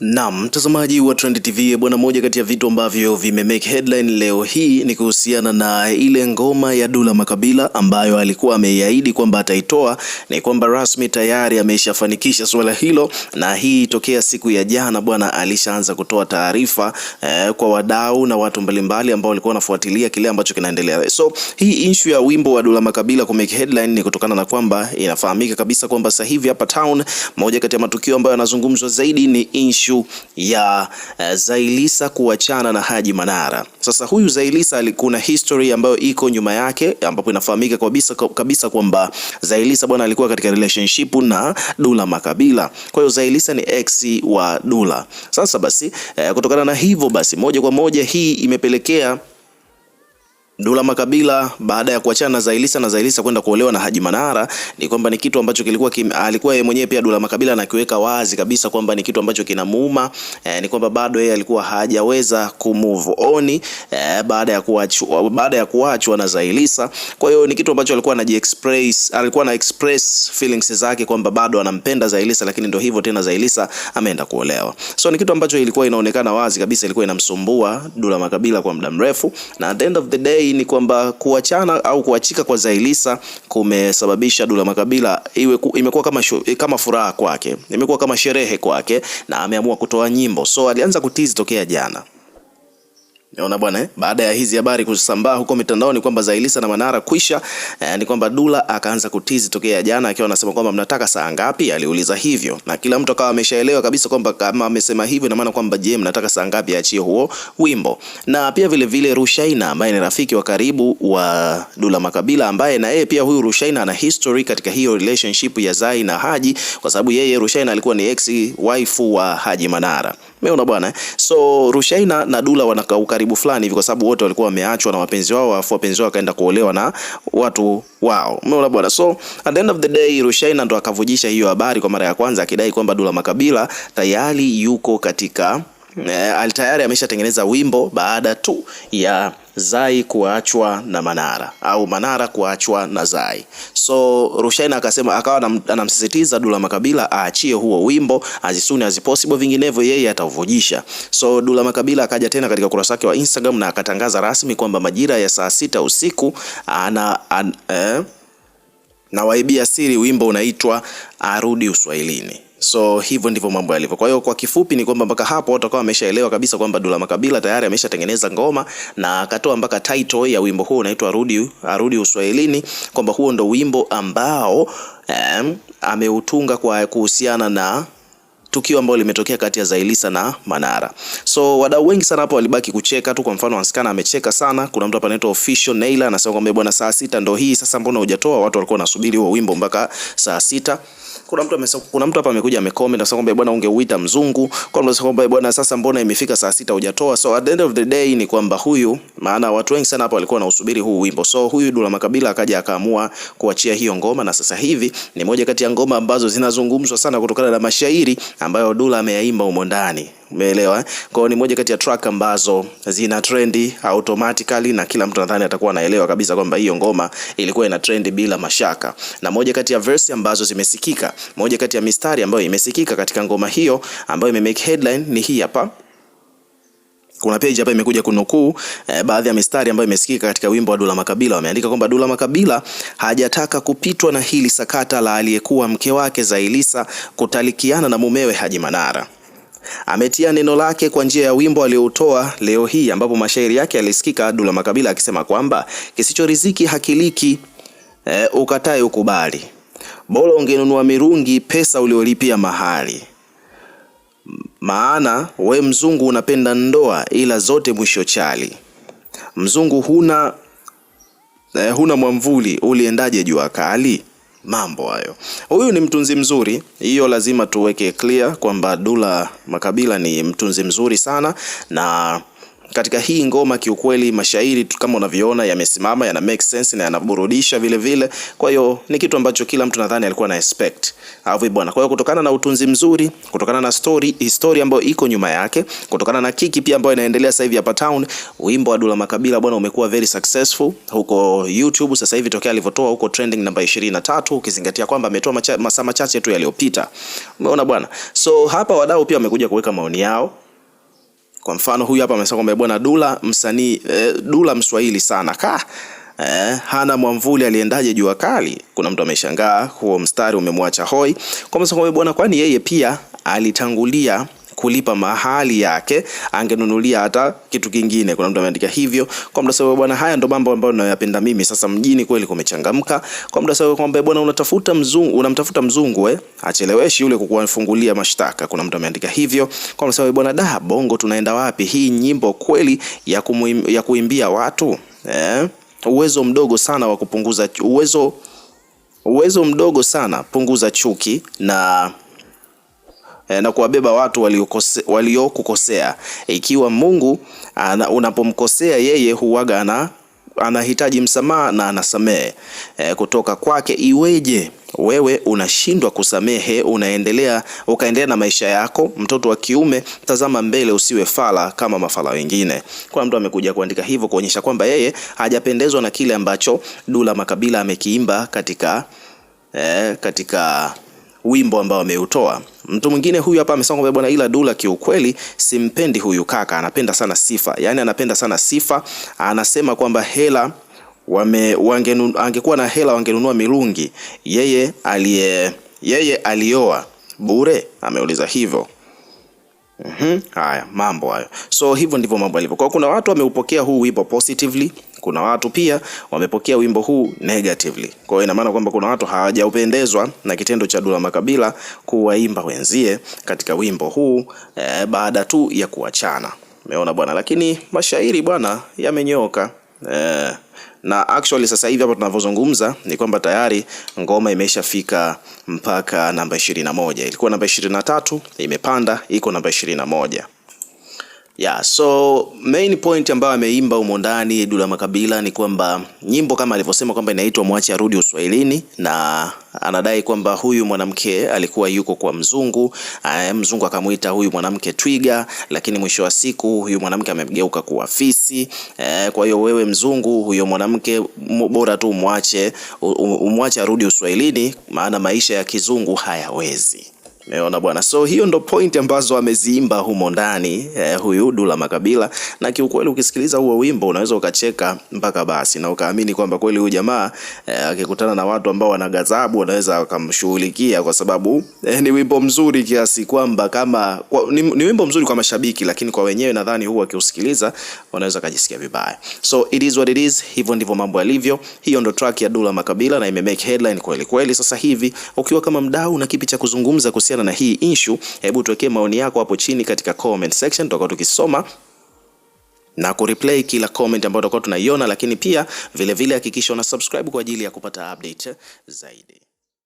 Naam, mtazamaji wa Trend TV bwana, moja kati ya vitu ambavyo vime make headline leo hii ni kuhusiana na ile ngoma ya Dula Makabila ambayo alikuwa ameiahidi kwamba ataitoa, ni kwamba rasmi tayari ameshafanikisha suala hilo, na hii tokea siku ya jana bwana, alishaanza kutoa taarifa eh, kwa wadau na watu mbalimbali ambao walikuwa wanafuatilia kile ambacho kinaendelea. So hii issue ya wimbo wa Dula Makabila ku make headline ni kutokana na kwamba inafahamika kabisa kwamba sasa hivi hapa town, moja kati ya matukio ambayo yanazungumzwa zaidi ni issue ishu ya eh, Zailisa kuachana na Haji Manara. Sasa huyu Zailisa alikuwa na history ambayo iko nyuma yake, ambapo inafahamika kabisa kabisa kwamba Zailisa bwana alikuwa katika relationship na Dula Makabila. Kwa hiyo Zailisa ni ex wa Dula. Sasa basi eh, kutokana na hivyo basi moja kwa moja hii imepelekea Dula Makabila baada ya kuachana na Zailisa na Zailisa kwenda kuolewa na Haji Manara ni kwamba ni kitu ambacho kilikuwa kim, alikuwa yeye mwenyewe pia Dula Makabila anakiweka wazi kabisa kwamba ni kitu ambacho kinamuuma eh, ni kwamba bado yeye alikuwa hajaweza ku move on eh, baada ya kuachwa baada ya kuachwa na Zailisa. Kwa hiyo ni kitu ambacho alikuwa express alikuwa na express feelings zake kwamba bado anampenda Zailisa, lakini ndio hivyo tena, Zailisa ameenda kuolewa. So ni kitu ambacho ilikuwa inaonekana wazi kabisa ilikuwa inamsumbua Dula Makabila kwa muda mrefu na at the end of the day hii ni kwamba kuachana au kuachika kwa Zailisa kumesababisha Dula Makabila iwe imekuwa kama, kama furaha kwake, imekuwa kama sherehe kwake, na ameamua kutoa nyimbo so alianza kutizi tokea jana. Unaona bwana eh? Baada ya hizi habari kusambaa huko mitandaoni kwamba Zailisa na Manara kwisha eh, ni kwamba Dula akaanza kutizi tokea jana akiwa anasema kwamba mnataka saa ngapi? Aliuliza hivyo na kila mtu akawa ameshaelewa kabisa kwamba kama amesema hivyo na maana kwamba je, mnataka saa ngapi aachie huo wimbo? Na pia vile vile Rushaina ambaye ni rafiki wa karibu wa Dula Makabila ambaye na yeye pia huyu Rushaina ana history katika hiyo relationship ya Zai na Haji kwa sababu yeye Rushaina alikuwa ni ex wife wa Haji Manara. Umeona bwana eh? So Rushaina na Dula wana ukaribu fulani hivi kwa sababu wote walikuwa wameachwa na wapenzi wao, afu wapenzi wao wakaenda kuolewa na watu wao. Umeona bwana. So at the end of the day Rushaina ndo akavujisha hiyo habari kwa mara ya kwanza akidai kwamba Dula Makabila tayari yuko katika Eh, tayari ameshatengeneza wimbo baada tu ya Zai kuachwa na Manara au Manara kuachwa na Zai. So Rushaina akasema, akawa anamsisitiza Dula Makabila aachie huo wimbo as soon as possible, vinginevyo yeye atauvujisha So Dula Makabila akaja tena katika ukurasa wake wa Instagram na akatangaza rasmi kwamba majira ya saa sita usiku ana, an, eh, nawaibia siri wimbo unaitwa Arudi Uswahilini. So hivyo ndivyo mambo yalivyo. Kwa hiyo kwa kifupi ni kwamba mpaka hapo watu wakawa wameshaelewa kabisa kwamba Dula Makabila tayari ameshatengeneza ngoma na akatoa mpaka title ya wimbo huu unaitwa Arudi Arudi Uswahilini, kwamba huo ndo wimbo ambao um, ameutunga kwa kuhusiana na tukio ambalo limetokea kati ya Zailisa na Manara. So wadau wengi sana hapo walibaki kucheka tu. Kwa mfano wasikana amecheka sana. Kuna mtu hapa anaitwa Official Naila anasema kwamba bwana, saa sita ndo hii sasa, mbona hujatoa? Watu walikuwa wanasubiri huo wimbo mpaka saa sita kuna mtu amesema, kuna mtu hapa amekuja amecomment na kwamba eh, bwana, ungeuita mzungu. Kwa mtu kwamba eh, bwana, sasa mbona imefika saa sita hujatoa? So at the end of the day ni kwamba huyu, maana watu wengi sana hapa walikuwa wanausubiri huu wimbo, so huyu Dula Makabila akaja akaamua kuachia hiyo ngoma, na sasa hivi ni moja kati ya ngoma ambazo zinazungumzwa sana kutokana na mashairi ambayo Dula ameyaimba humo ndani. Umeelewa eh? Kwa ni moja kati ya track ambazo zina trendi automatically na kila mtu nadhani atakuwa anaelewa kabisa kwamba hiyo ngoma ilikuwa ina trendi bila mashaka. Na moja kati ya verse ambazo zimesikika, moja kati ya mistari ambayo imesikika katika ngoma hiyo ambayo imemake headline ni hii hapa. Kuna page hapa imekuja kunukuu eh, baadhi ya mistari ambayo imesikika katika wimbo wa Dula Makabila. Wameandika kwamba Dula Makabila hajataka kupitwa na hili sakata la aliyekuwa mke wake Zailisa kutalikiana na mumewe Haji Manara. Ametia neno lake kwa njia ya wimbo aliyoutoa leo hii, ambapo mashairi yake yalisikika Dula Makabila akisema kwamba kisichoriziki hakiliki, e, ukatae ukubali, bora ungenunua mirungi pesa uliolipia mahali, maana we mzungu unapenda ndoa, ila zote mwisho chali, mzungu huna, e, huna mwamvuli uliendaje jua kali? mambo hayo. Huyu ni mtunzi mzuri, hiyo lazima tuweke clear kwamba Dula Makabila ni mtunzi mzuri sana na katika hii ngoma kiukweli, mashairi kama unavyoona yamesimama, yana make sense na yanaburudisha vile vile. Kwa hiyo ni kitu ambacho kila mtu nadhani alikuwa na expect hapo bwana. Kwa hiyo kutokana na utunzi mzuri, kutokana na story history ambayo iko nyuma yake, kutokana na kiki pia ambayo inaendelea sasa hivi hapa town, wimbo wa Dula Makabila bwana umekuwa very successful huko YouTube sasa hivi tokea alivyotoa huko trending namba 23, ukizingatia kwamba ametoa masaa machache tu yaliyopita. Umeona bwana, so hapa wadau pia wamekuja kuweka maoni yao kwa mfano huyu hapa amesema kwamba bwana Dula msanii eh, Dula mswahili sana ka Eh, Hana Mwamvuli aliendaje jua kali? Kuna mtu ameshangaa huo mstari umemwacha hoi. Kwa sababu bwana, kwani yeye pia alitangulia kulipa mahali yake, angenunulia hata kitu kingine. Kuna mtu ameandika hivyo kwa muda sababu bwana, haya ndo mambo ambayo ninayoyapenda mimi. Sasa mjini kweli kumechangamka kwa muda sababu kwamba eh, bwana, unatafuta mzungu, unamtafuta mzungu eh, acheleweshi yule kukufungulia mashtaka. Kuna mtu ameandika hivyo kwa sababu bwana, da bongo tunaenda wapi? Hii nyimbo kweli ya, kumuim, ya kuimbia watu eh? Uwezo mdogo sana wa kupunguza uwezo uwezo mdogo sana punguza chuki na Eh, na kuwabeba watu waliokukosea. Ikiwa Mungu unapomkosea yeye huwaga ana anahitaji msamaha na anasamehe e, kutoka kwake. Iweje wewe unashindwa kusamehe, unaendelea ukaendelea na maisha yako? Mtoto wa kiume, tazama mbele, usiwe fala kama mafala wengine. Kuna mtu amekuja kuandika hivyo kuonyesha kwamba yeye hajapendezwa na kile ambacho Dula Makabila amekiimba katika, e, katika wimbo ambao ameutoa. Mtu mwingine huyu hapa amesema kwamba bwana, ila Dula kiukweli simpendi huyu kaka, anapenda sana sifa, yaani anapenda sana sifa. Anasema kwamba hela wame wangenu, angekuwa na hela wangenunua mirungi, yeye aliye yeye alioa bure, ameuliza hivyo. Mm -hmm. Haya mambo hayo, so hivyo ndivyo mambo yalivyo. Kwa kuna watu wameupokea huu wimbo positively, kuna watu pia wamepokea wimbo huu negatively. Kwa hiyo ina maana kwamba kuna watu hawajaupendezwa na kitendo cha Dula Makabila kuwaimba wenzie katika wimbo huu eh, baada tu ya kuachana. Umeona bwana, lakini mashairi bwana yamenyoka eh na actually sasa hivi hapa tunavyozungumza ni kwamba tayari ngoma imeshafika mpaka namba 21. Ilikuwa namba 23, imepanda iko namba 21. Yeah, so main point ambayo ameimba humo ndani Dula Makabila ni kwamba nyimbo kama alivyosema kwamba inaitwa mwache arudi Uswahilini, na anadai kwamba huyu mwanamke alikuwa yuko kwa mzungu, eh, mzungu akamwita huyu mwanamke twiga, lakini mwisho wa siku huyu mwanamke amegeuka kuwa fisi. Eh, kwa hiyo wewe mzungu, huyo mwanamke bora tu umwache, umwache arudi Uswahilini, maana maisha ya kizungu hayawezi Meona bwana, so hiyo ndo point ambazo ameziimba humo ndani eh, huyu Dula Makabila, na kiukweli ukisikiliza huo wimbo unaweza ukacheka mpaka basi na ukaamini kwamba kweli huyu jamaa eh, akikutana na watu ambao wana ghadhabu wanaweza wakamshughulikia, kwa sababu eh, ni wimbo mzuri kiasi kwamba kama kwa, ni, ni wimbo mzuri kwa mashabiki, lakini kwa wenyewe nadhani huwa akiusikiliza wanaweza kujisikia vibaya. So it is what it is, hivyo ndivyo mambo yalivyo. Hiyo ndo track ya Dula Makabila na ime make headline kweli kweli. Sasa hivi ukiwa kama mdau na kipi cha kuzungumza kusia kuhusiana na hii issue? Hebu tuwekee maoni yako hapo chini katika comment section, tutakuwa tukisoma na kureplay kila comment ambayo tutakuwa tunaiona, lakini pia vilevile hakikisha una subscribe kwa ajili ya kupata update zaidi.